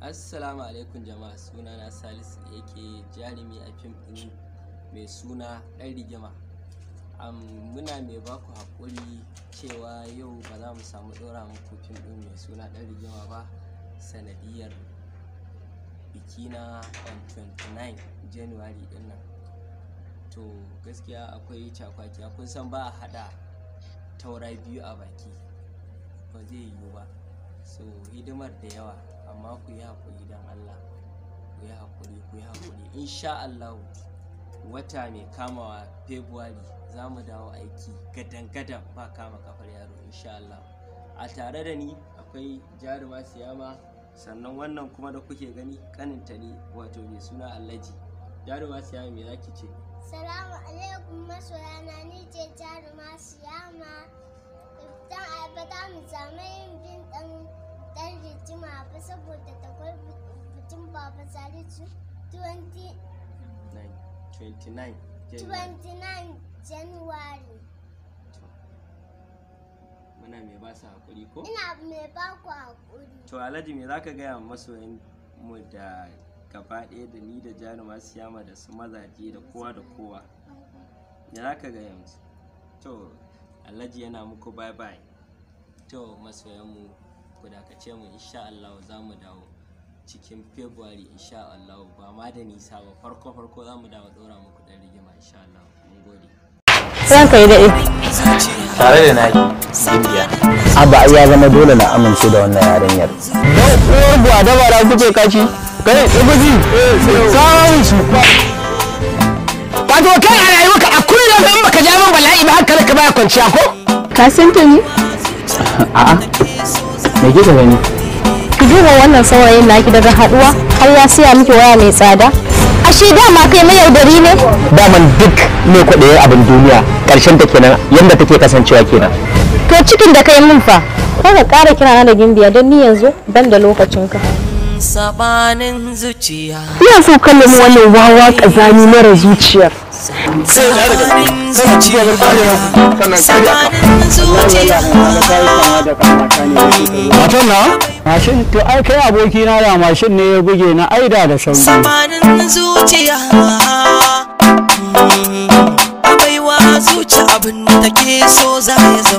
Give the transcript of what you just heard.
assalamu alaikum jama'a suna na salisu da yake jarumi a fim din mai suna ɗan rigima muna mai baku haƙuri cewa yau ba za mu samu ɗora muku fim din mai suna ɗan rigima ba sanadiyar biki na on 29 january dinnan, to gaskiya akwai cakwaki, kun san ba a haɗa taura biyu a baki ba zai yiwu ba so hidimar da yawa amma ku yi haƙuri don Allah ku yi haƙuri ku yi haƙuri insha Allah wata mai kamawa February za mu dawo aiki gadan-gadan ba kama kafar yaro insha Allah a tare da ni akwai jaruma siyama sannan wannan kuma da kuke gani kaninta ne wato mai suna Alhaji jaruma siyama mai zaki ce salamu alaikum na ni ce jaruma siyama iftan aibata mu samu yin jima ba saboda takwai bikin baba salisu 29 january muna mai ba su haƙuri ko? ina mai ba ku haƙuri to alhaji me za ka gaya masoyan mu da gaba ɗaya da ni da jaruma siyama da su mazaje da kowa da kowa me za ka gaya musu to alhaji yana muku bye bye to masoyan mu ku dakace mu insha Allah za mu dawo cikin February insha Allah ba ma da nisa ba farko farko za mu dawo ɗora muku dan rigima insha Allah mun gode. Ran kai daɗe. Tare da na yi. Abba ya zama dole na amince da wannan yarinyar. Yau ba da dabara kuke kashi. Kai ɗabuji. sai shi. Wato kai a rayuwarka a kullum in baka ja min bala'i ba har haka ka baya kwanciya ko? Ka san ta ni A'a. mai da gani ki duba wannan saurayin naki daga haduwa har ya siya miki waya mai tsada ashe dama kai mai yaudari ne daman duk mai kwaɗayin abin duniya ƙarshen ta kenan yadda take kasancewa kenan to cikin da kai min fa ka ƙara kira na da gimbiya don ni yanzu ban da lokacin ka. sabanin zuciya ina so kallon wannan wawa kazani mara zuciyar Matan na? Mashin to ai kai aboki na da mashin ne ya buge na aida da sauri. Sabanin zuciya a baiwa zuci abin da ke so za ya